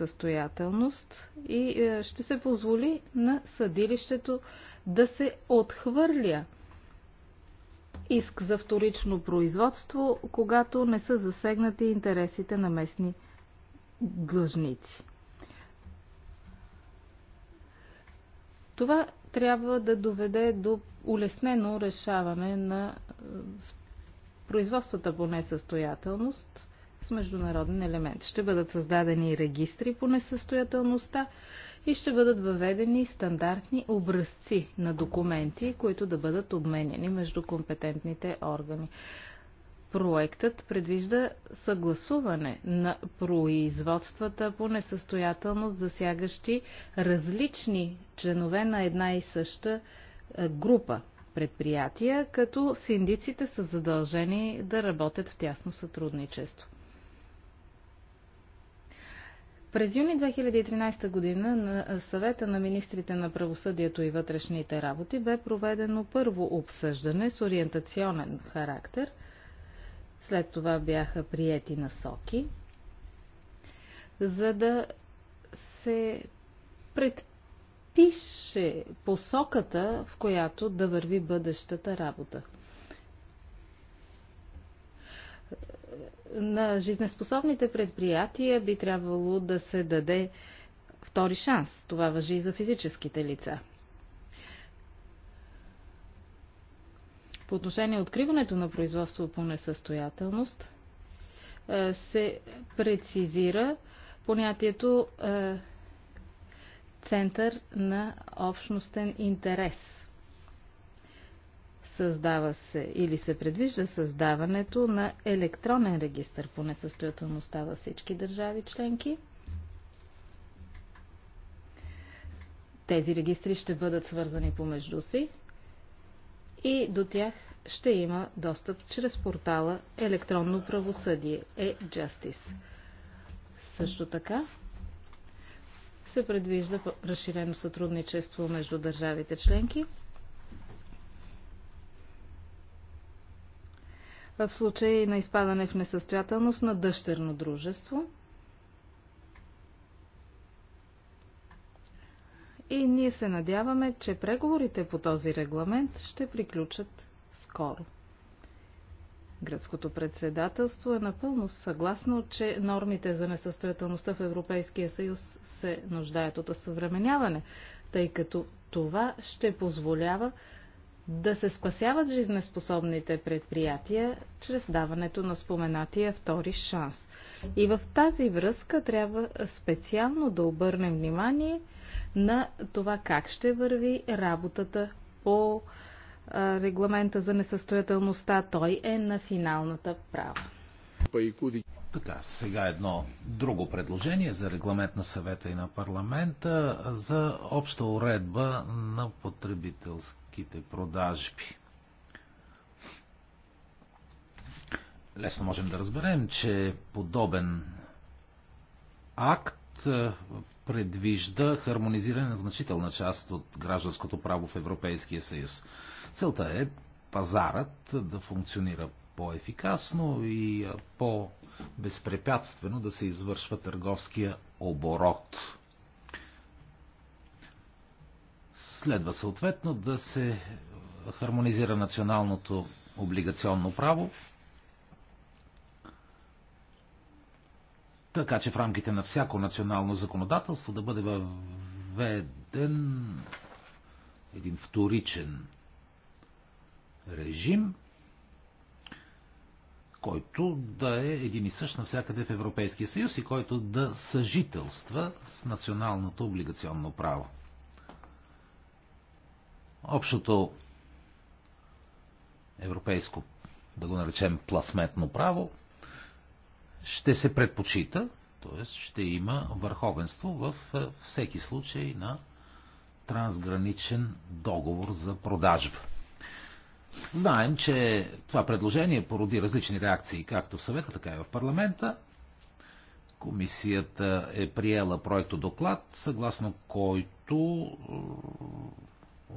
състоятелност и е, ще се позволи на съдилището да се отхвърля иск за вторично производство, когато не са засегнати интересите на местни длъжници. Това трябва да доведе до улеснено решаване на е, производствата по несъстоятелност с международен елемент. Ще бъдат създадени регистри по несъстоятелността и ще бъдат въведени стандартни образци на документи, които да бъдат обменени между компетентните органи. Проектът предвижда съгласуване на производствата по несъстоятелност, засягащи различни членове на една и съща е, група предприятия, като синдиците са задължени да работят в тясно сътрудничество. През юни 2013 година на съвета на министрите на правосъдието и вътрешните работи бе проведено първо обсъждане с ориентационен характер. След това бяха приети насоки, за да се предпише посоката, в която да върви бъдещата работа. на жизнеспособните предприятия би трябвало да се даде втори шанс. Това въжи и за физическите лица. По отношение откриването на производство по несъстоятелност е, се прецизира понятието е, център на общностен интерес. Създава се или се предвижда създаването на електронен регистр по несъстоятелността във всички държави членки. Тези регистри ще бъдат свързани помежду си и до тях ще има достъп чрез портала Електронно правосъдие e-Justice. Също така се предвижда разширено сътрудничество между държавите членки – в случай на изпадане в несъстоятелност на дъщерно дружество. И ние се надяваме, че преговорите по този регламент ще приключат скоро. Гръцкото председателство е напълно съгласно, че нормите за несъстоятелността в Европейския съюз се нуждаят от съвременяване, тъй като това ще позволява да се спасяват жизнеспособните предприятия чрез даването на споменатия втори шанс. И в тази връзка трябва специално да обърнем внимание на това как ще върви работата по регламента за несъстоятелността. Той е на финалната права. Така, сега едно друго предложение за регламент на съвета и на парламента за обща уредба на потребителските продажби. Лесно можем да разберем, че подобен акт е, предвижда хармонизиране на значителна част от гражданското право в Европейския съюз. Целта е пазарът да функционира по-ефикасно и е, по- безпрепятствено да се извършва търговския оборот. Следва съответно да се хармонизира националното облигационно право, така че в рамките на всяко национално законодателство да бъде въведен един вторичен режим – който да е един и същ навсякъде в Европейския съюз и който да съжителства с националното облигационно право. Общото европейско, да го наречем пласметно право, ще се предпочита, т.е. ще има върховенство в е, всеки случай на трансграничен договор за продажба. Знаем, че това предложение породи различни реакции както в съвета, така и в парламента. Комисията е приела проекто доклад, съгласно който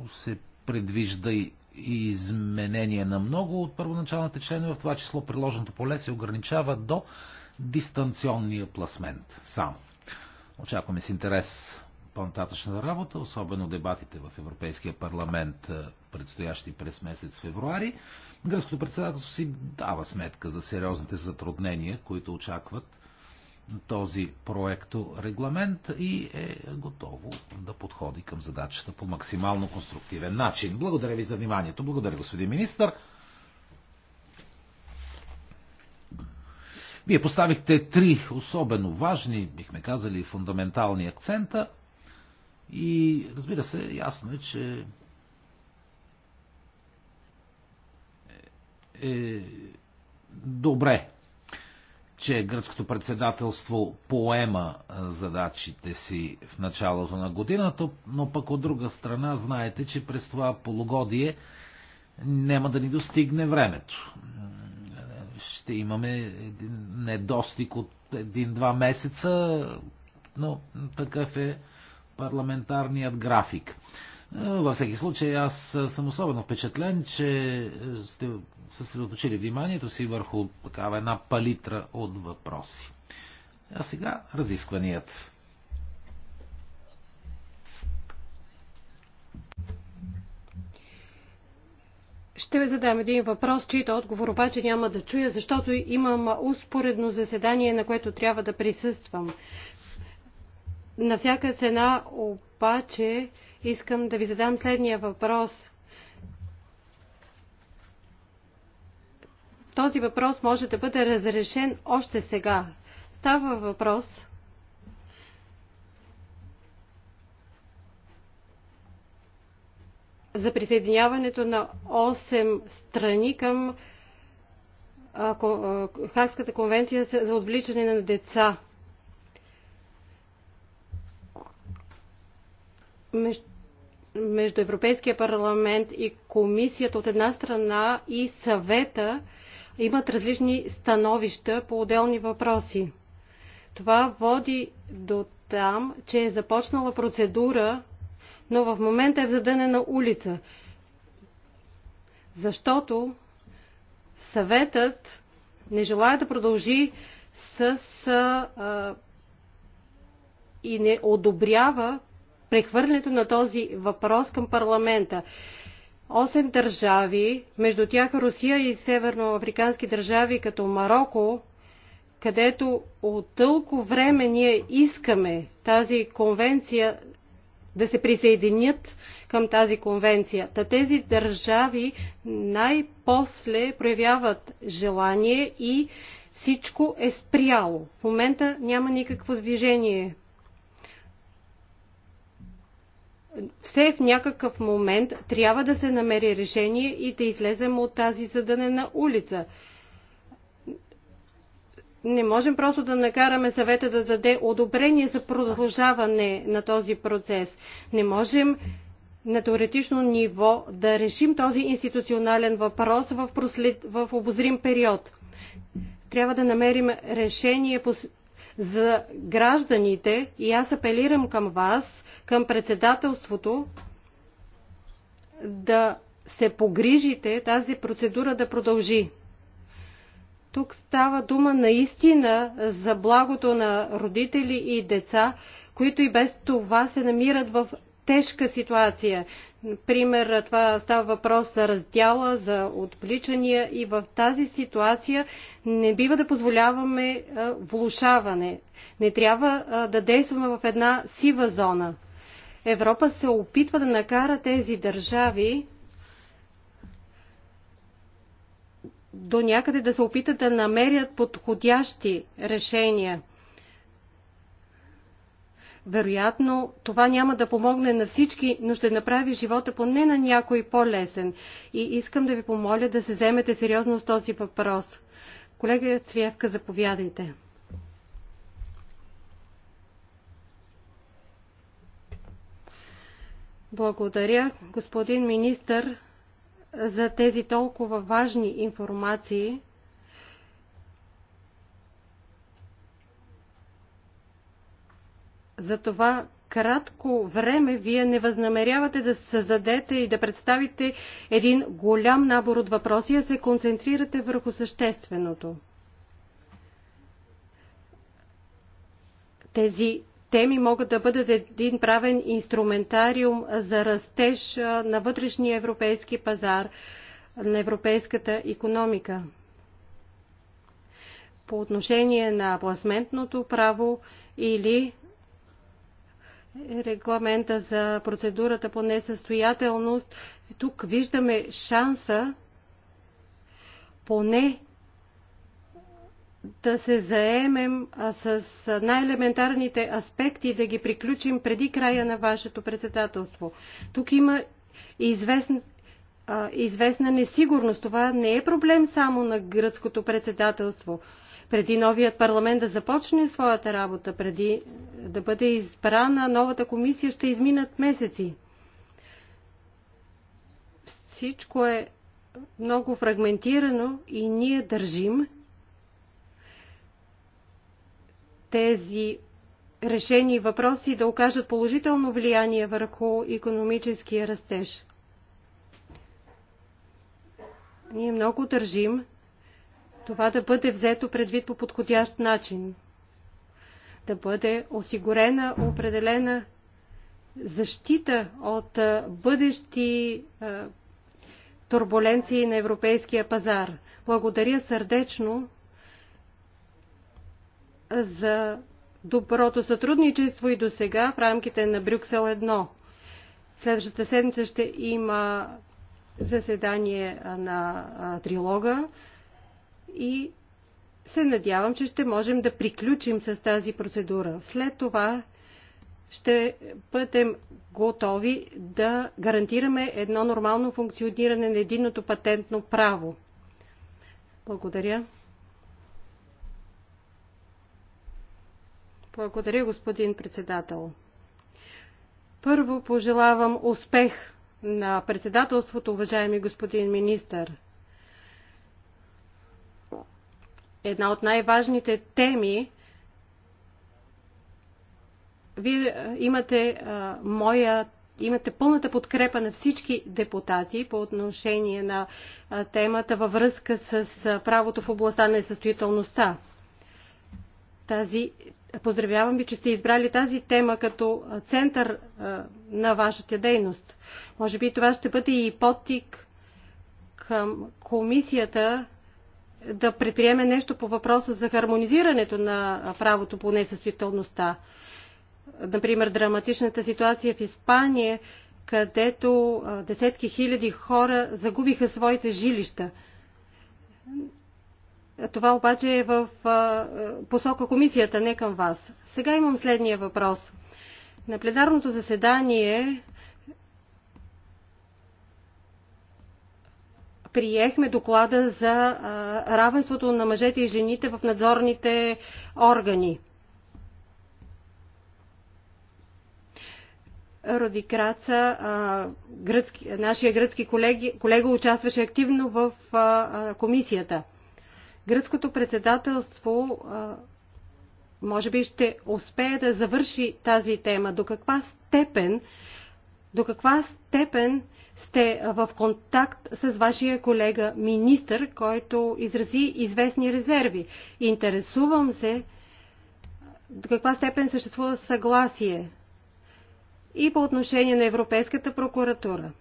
е, се предвижда и изменение на много от първоначалните членове, в това число приложеното поле се ограничава до дистанционния пласмент. Само. Очакваме с интерес по-нататъчна работа, особено дебатите в Европейския парламент, е, предстоящи през месец февруари. Гръцкото председателство си дава сметка за сериозните затруднения, които очакват този проекто регламент и е готово да подходи към задачата по максимално конструктивен начин. Благодаря ви за вниманието. Благодаря, господин министр. Вие поставихте три особено важни, бихме казали, фундаментални акцента – и разбира се, ясно е, че е, е добре, че гръцкото председателство поема задачите си в началото на годината, но пък от друга страна знаете, че през това полугодие няма да ни достигне времето. Ще имаме недостиг от един-два месеца, но такъв е парламентарният график. Е, във всеки случай аз съм особено впечатлен, че сте съсредоточили вниманието си върху такава една палитра от въпроси. А сега разискваният. Ще ви задам един въпрос, чийто отговор обаче няма да чуя, защото имам успоредно заседание, на което трябва да присъствам. На всяка цена обаче искам да ви задам следния въпрос. Този въпрос може да бъде разрешен още сега. Става въпрос за присъединяването на 8 страни към Хагската конвенция за отвличане на деца. между Европейския парламент и комисията от една страна и съвета имат различни становища по отделни въпроси. Това води до там, че е започнала процедура, но в момента е в задънена улица. Защото съветът не желая да продължи с а, и не одобрява прехвърлянето на този въпрос към парламента. Осем държави, между тях Русия и северноафрикански държави като Марокко, където от тълко време ние искаме тази конвенция да се присъединят към тази конвенция. Та тези държави най-после проявяват желание и всичко е спряло. В момента няма никакво движение все в някакъв момент трябва да се намери решение и да излезем от тази задънена улица. Не можем просто да накараме съвета да даде одобрение за продължаване на този процес. Не можем на теоретично ниво да решим този институционален въпрос в, прослед... в обозрим период. Трябва да намерим решение за гражданите и аз апелирам към вас, към председателството, да се погрижите тази процедура да продължи. Тук става дума наистина за благото на родители и деца, които и без това се намират в тежка ситуация. Пример, това става въпрос за раздяла, за отвличания и в тази ситуация не бива да позволяваме влушаване. Не трябва да действаме в една сива зона. Европа се опитва да накара тези държави до някъде да се опитат да намерят подходящи решения – вероятно, това няма да помогне на всички, но ще направи живота поне на някой по-лесен. И искам да ви помоля да се вземете сериозно с този въпрос. Колега Цвевка, заповядайте. Благодаря, господин министър, за тези толкова важни информации. за това кратко време вие не възнамерявате да създадете и да представите един голям набор от въпроси, а се концентрирате върху същественото. Тези теми могат да бъдат един правен инструментариум за растеж на вътрешния европейски пазар, на европейската економика. По отношение на пласментното право или регламента за процедурата по несъстоятелност, тук виждаме шанса поне да се заемем с най-елементарните аспекти и да ги приключим преди края на вашето председателство. Тук има известна, известна несигурност. Това не е проблем само на гръцкото председателство преди новият парламент да започне своята работа, преди да бъде избрана новата комисия, ще изминат месеци. Всичко е много фрагментирано и ние държим тези решени въпроси да окажат положително влияние върху економическия растеж. Ние много държим това да бъде взето предвид по подходящ начин, да бъде осигурена определена защита от бъдещи турбуленции на европейския пазар. Благодаря сърдечно за доброто сътрудничество и до сега в рамките на Брюксел 1. Следващата седмица ще има заседание на трилога и се надявам, че ще можем да приключим с тази процедура. След това ще бъдем готови да гарантираме едно нормално функциониране на единното патентно право. Благодаря. Благодаря, господин председател. Първо пожелавам успех на председателството, уважаеми господин министър. една от най-важните теми. Вие е, имате а, е, моя имате пълната подкрепа на всички депутати по отношение на е, темата във връзка с правото в областта на несъстоятелността. Тази, поздравявам ви, че сте избрали тази тема като център на вашата дейност. Може би това ще бъде и потик към комисията да предприеме нещо по въпроса за хармонизирането на правото по несъстоятелността. Например, драматичната ситуация в Испания, където десетки хиляди хора загубиха своите жилища. Това обаче е в посока комисията, не към вас. Сега имам следния въпрос. На пледарното заседание приехме доклада за равенството на мъжете и жените в надзорните органи. Роди Краца, гръцки, нашия гръцки колеги, колега участваше активно в комисията. Гръцкото председателство може би ще успее да завърши тази тема. До каква степен до каква степен сте в контакт с вашия колега министър, който изрази известни резерви? Интересувам се до каква степен съществува съгласие и по отношение на Европейската прокуратура.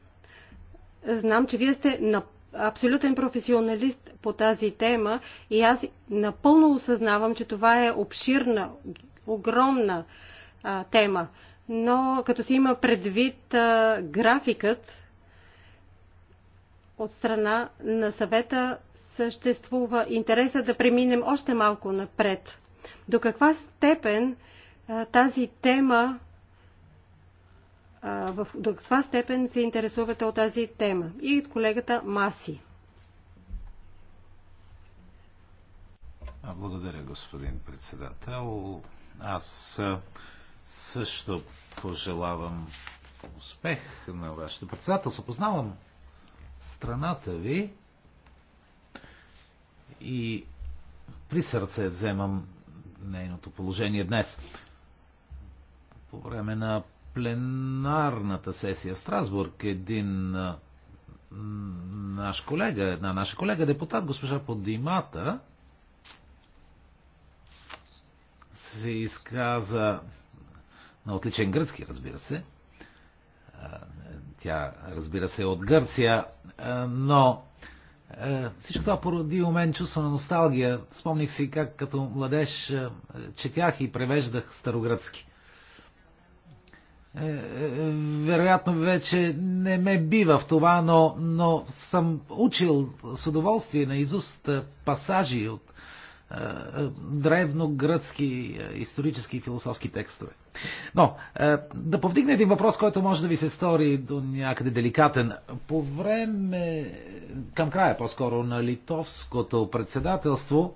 Знам, че вие сте на абсолютен професионалист по тази тема и аз напълно осъзнавам, че това е обширна, огромна а, тема но като се има предвид а, графикът от страна на съвета съществува интереса да преминем още малко напред. До каква степен а, тази тема в, до каква степен се интересувате от тази тема? И от колегата Маси. Благодаря, господин председател. Аз също пожелавам успех на вашето председателство. Познавам страната ви и при сърце вземам нейното положение днес. По време на пленарната сесия в Страсбург един наш колега, една наша колега депутат, госпожа Подимата, се изказа на отличен гръцки, разбира се. Тя, разбира се, е от Гърция, но всичко това породи у мен чувство на носталгия. Спомних си как като младеж четях и превеждах старогръцки. Е, е, е, вероятно вече не ме бива в това, но, но съм учил с удоволствие на изуст пасажи от древногръцки е, исторически и философски текстове. Но, е, да повдигна един въпрос, който може да ви се стори до някъде деликатен. По време, към края по-скоро, на литовското председателство,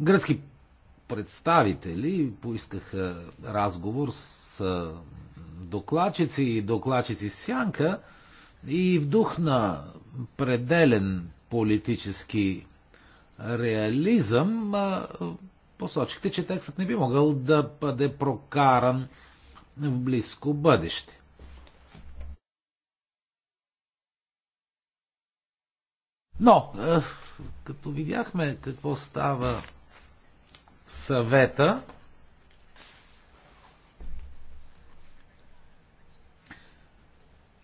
гръцки представители поискаха разговор с е, докладчици и докладчици Сянка и в дух на пределен политически реализъм, посочихте, че текстът не би могъл да бъде прокаран в близко бъдеще. Но, като видяхме какво става в съвета,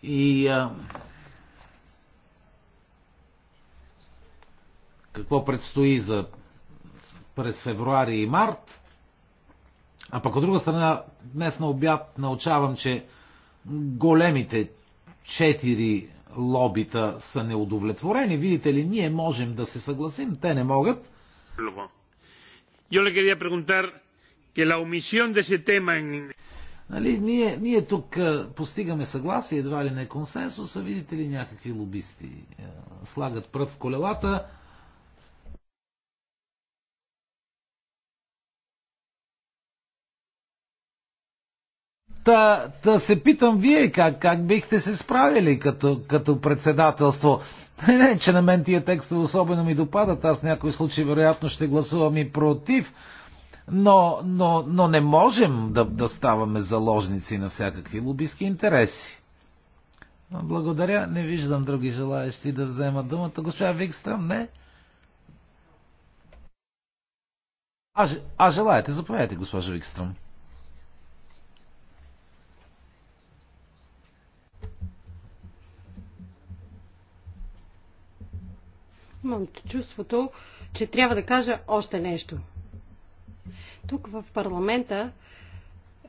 и какво предстои за през февруари и март. А пък от друга страна, днес на обяд научавам, че големите четири лобита са неудовлетворени. Видите ли, ние можем да се съгласим, те не могат. Yo le quería preguntar que la omisión de ese tema en... Нали, ние, ние тук постигаме съгласие, едва ли не консенсуса, видите ли някакви лобисти слагат прът в колелата, Та, та се питам вие как, как бихте се справили като, като председателство. Не, че на мен тия текстове особено ми допадат. Аз в някои случаи вероятно ще гласувам и против. Но, но, но не можем да, да ставаме заложници на всякакви лобиски интереси. Благодаря. Не виждам други желаящи да вземат думата. Госпожа Викстрам, не? А, а желаете, заповядайте, госпожа Викстрам. имам чувството, че трябва да кажа още нещо. Тук в парламента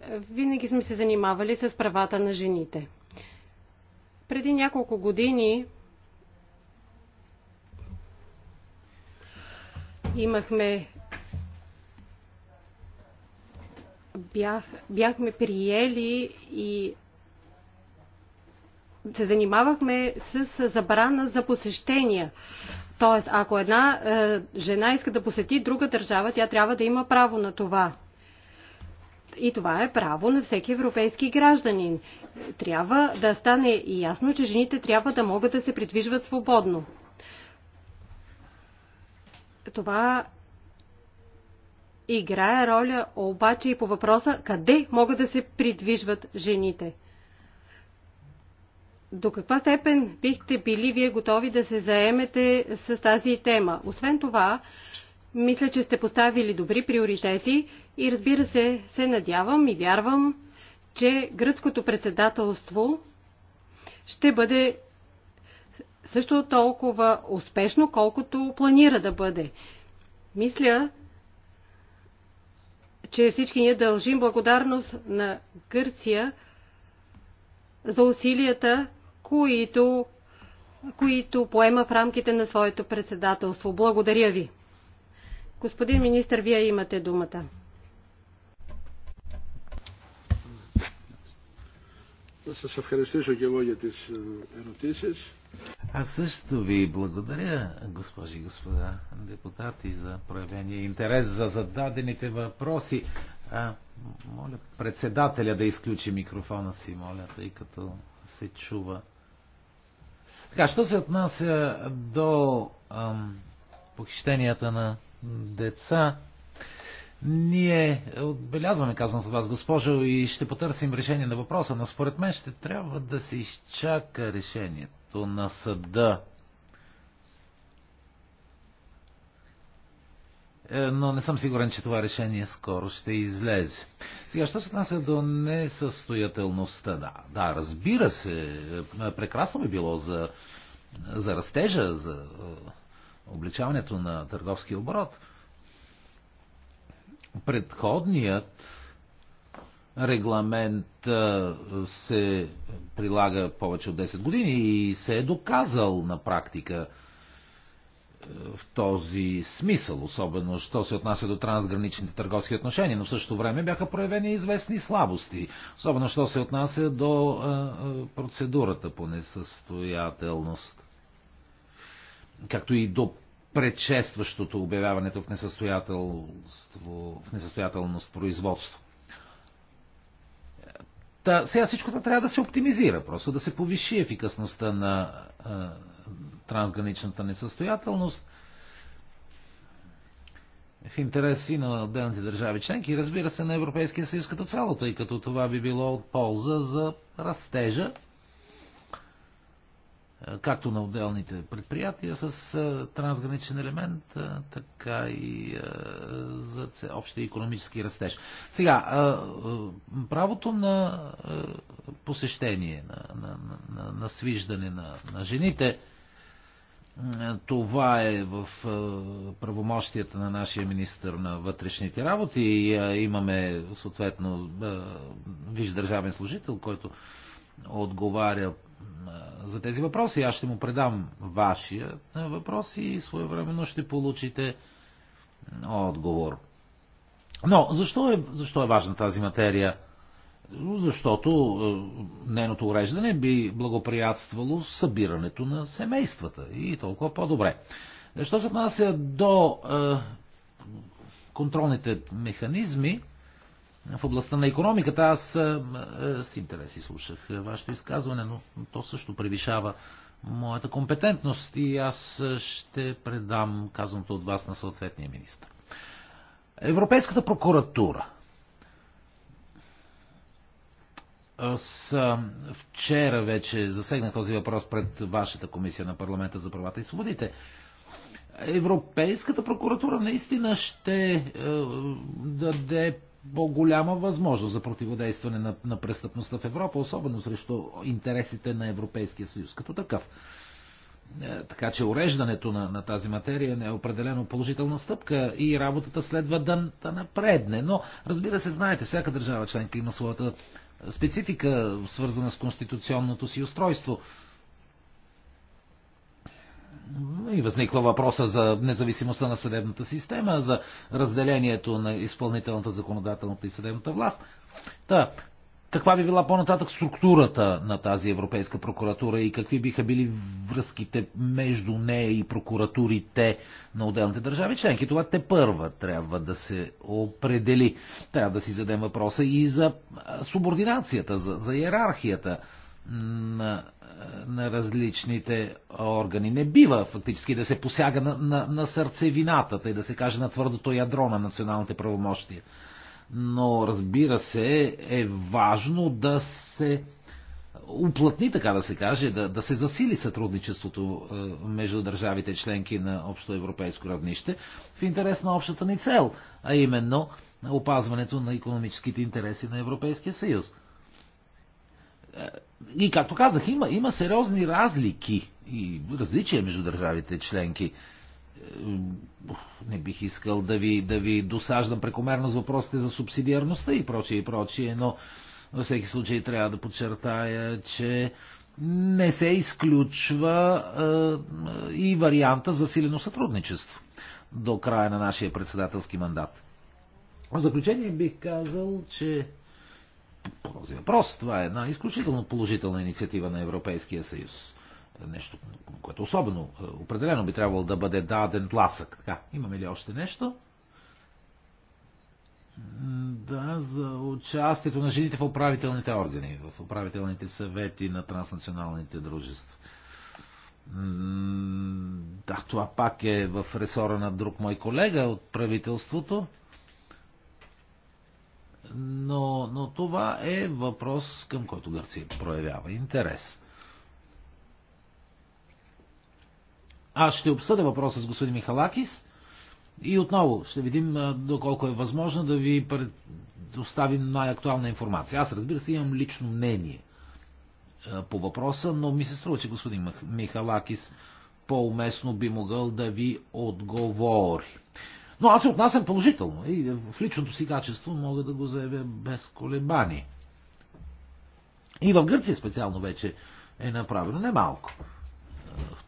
е, винаги сме се занимавали с правата на жените. Преди няколко години имахме бях, бяхме приели и се занимавахме с забрана за посещения. Тоест, ако една е, жена иска да посети друга държава, тя трябва да има право на това. И това е право на всеки европейски гражданин. Трябва да стане и ясно, че жените трябва да могат да се придвижват свободно. Това играе роля обаче и по въпроса къде могат да се придвижват жените до каква степен бихте били вие готови да се заемете с тази тема? Освен това, мисля, че сте поставили добри приоритети и разбира се, се надявам и вярвам, че гръцкото председателство ще бъде също толкова успешно, колкото планира да бъде. Мисля, че всички ние дължим благодарност на Гърция за усилията които, които поема в рамките на своето председателство. Благодаря ви. Господин министр, вие имате думата. Аз също ви благодаря, госпожи и господа депутати, за проявения интерес за зададените въпроси. А, моля председателя да изключи микрофона си, моля, тъй като се чува така, що се отнася до ам, похищенията на деца, ние отбелязваме казвам от вас, госпожо, и ще потърсим решение на въпроса, но според мен ще трябва да се изчака решението на съда Е, но не съм сигурен, че това решение скоро ще излезе. Сега, що се отнася до несъстоятелността? Да, да, разбира се, е, прекрасно би било за, за растежа, за е, обличаването на търговски оборот. Предходният регламент се прилага повече от 10 години и се е доказал на практика – в този смисъл, особено що се отнася до трансграничните търговски отношения, но в същото време бяха проявени известни слабости, особено що се отнася до процедурата по несъстоятелност, както и до предшестващото обявяването в, в несъстоятелност производство. Та, сега това трябва да се оптимизира, просто да се повиши ефикасността на трансграничната несъстоятелност в интерес и на отделните държави членки, разбира се на Европейския съюз като цяло, тъй като това би било от полза за растежа, е, както на отделните предприятия с е, трансграничен елемент, е, така и за общия економически растеж. Сега, правото на посещение, на, на, на, на свиждане на, на жените – е, това е в е, правомощията на нашия министр на вътрешните работи. Е, имаме съответно виж държавен служител, който отговаря за тези въпроси. Аз ще му предам вашия въпрос и своевременно ще получите отговор. Но защо е, защо е важна тази материя? защото е, нейното уреждане би благоприятствало събирането на семействата и толкова по-добре. Що се отнася до е, контролните механизми в областта на економиката, аз е, с интерес изслушах вашето изказване, но то също превишава моята компетентност и аз ще предам казаното от вас на съответния министр. Европейската прокуратура – Аз вчера вече засегнах този въпрос пред вашата комисия на парламента за правата и свободите. Европейската прокуратура наистина ще е, даде по-голяма възможност за противодействане на, на престъпността в Европа, особено срещу интересите на Европейския съюз като такъв. Е, така че уреждането на, на тази материя не е определено положителна стъпка и работата следва да, да напредне. Но, разбира се, знаете, всяка държава членка има своята специфика, свързана с конституционното си устройство. И възниква въпроса за независимостта на съдебната система, за разделението на изпълнителната, законодателната и съдебната власт. Та, каква би била по-нататък структурата на тази Европейска прокуратура и какви биха били връзките между нея и прокуратурите на отделните държави членки. Това те първа трябва да се определи. Трябва да си задем въпроса и за субординацията, за, за иерархията на, на различните органи. Не бива фактически да се посяга на, на, на сърцевината, и да се каже на твърдото ядро на националните правомощия но разбира се е важно да се уплътни, така да се каже, да, да се засили сътрудничеството е, между държавите членки на общо европейско равнище в интерес на общата ни цел, а именно опазването на економическите интереси на Европейския съюз. Е, и както казах, има, има сериозни разлики и различия между държавите членки не бих искал да ви, да ви досаждам прекомерно с въпросите за субсидиарността и прочие и прочие, но във всеки случай трябва да подчертая, че не се изключва е, и варианта за силено сътрудничество до края на нашия председателски мандат. В заключение бих казал, че по този въпрос това е една изключително положителна инициатива на Европейския съюз. Е нещо, което особено е, определено би трябвало да бъде даден тласък. Така, имаме ли още нещо? Да, за участието на жените в управителните органи, в управителните съвети на транснационалните дружества. Да, това пак е в ресора на друг мой колега от правителството. Но, но това е въпрос, към който Гърция проявява интерес. Аз ще обсъда въпроса с господин Михалакис и отново ще видим доколко е възможно да ви предоставим най-актуална информация. Аз разбира се имам лично мнение по въпроса, но ми се струва, че господин Михалакис по-уместно би могъл да ви отговори. Но аз се отнасям положително и в личното си качество мога да го заявя без колебани. И в Гърция специално вече е направено немалко. малко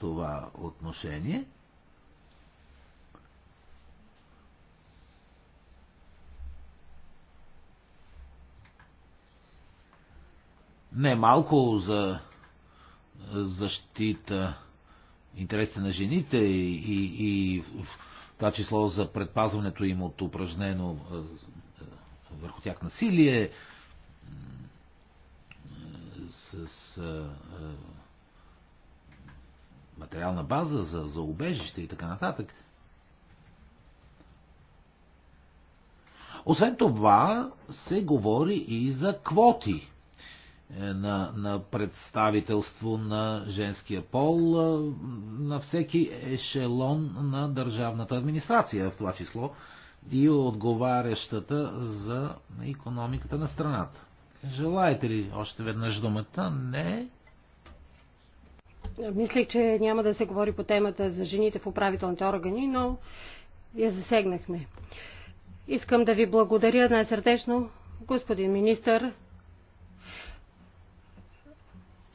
това отношение. Не малко за защита интересите на жените и, и, и в това число за предпазването им от упражнено върху тях насилие с, с материална база, за, за убежище и така нататък. Освен това се говори и за квоти е, на, на представителство на женския пол е, на всеки ешелон на държавната администрация, в това число и отговарящата за економиката на страната. Желаете ли още веднъж думата? Не. Мислих, че няма да се говори по темата за жените в управителните органи, но я засегнахме. Искам да ви благодаря най-сърдечно, господин министър.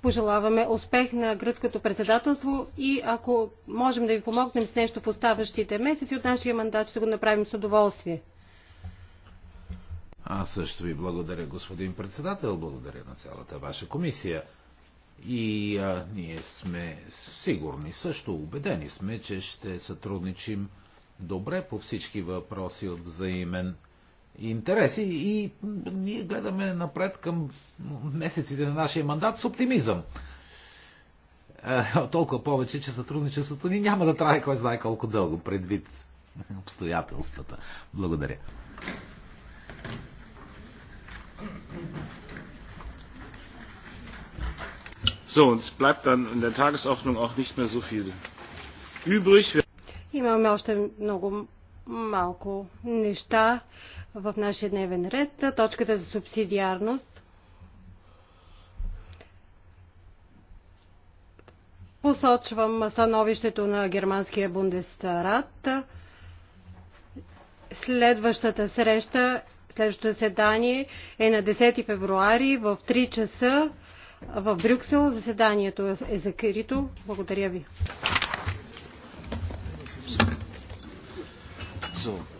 Пожелаваме успех на гръцкото председателство и ако можем да ви помогнем с нещо в оставащите месеци от нашия мандат, ще го направим с удоволствие. Аз също ви благодаря, господин председател. Благодаря на цялата ваша комисия. И а, ние сме сигурни, също убедени сме, че ще сътрудничим добре по всички въпроси от взаимен интереси и ние гледаме напред към месеците на нашия мандат с оптимизъм. А, е, толкова повече, че сътрудничеството ни няма да трае кой знае колко дълго предвид обстоятелствата. Благодаря. Thank you. So, uns bleibt dann in der Tagesordnung auch nicht mehr so viel übrig. Имаме още много малко неща в нашия дневен ред. Точката за субсидиарност. Посочвам становището на германския Бундесрат. Следващата среща, следващото заседание е на 10 февруари в 3 часа в Брюксел. Заседанието е закрито. Благодаря ви. So.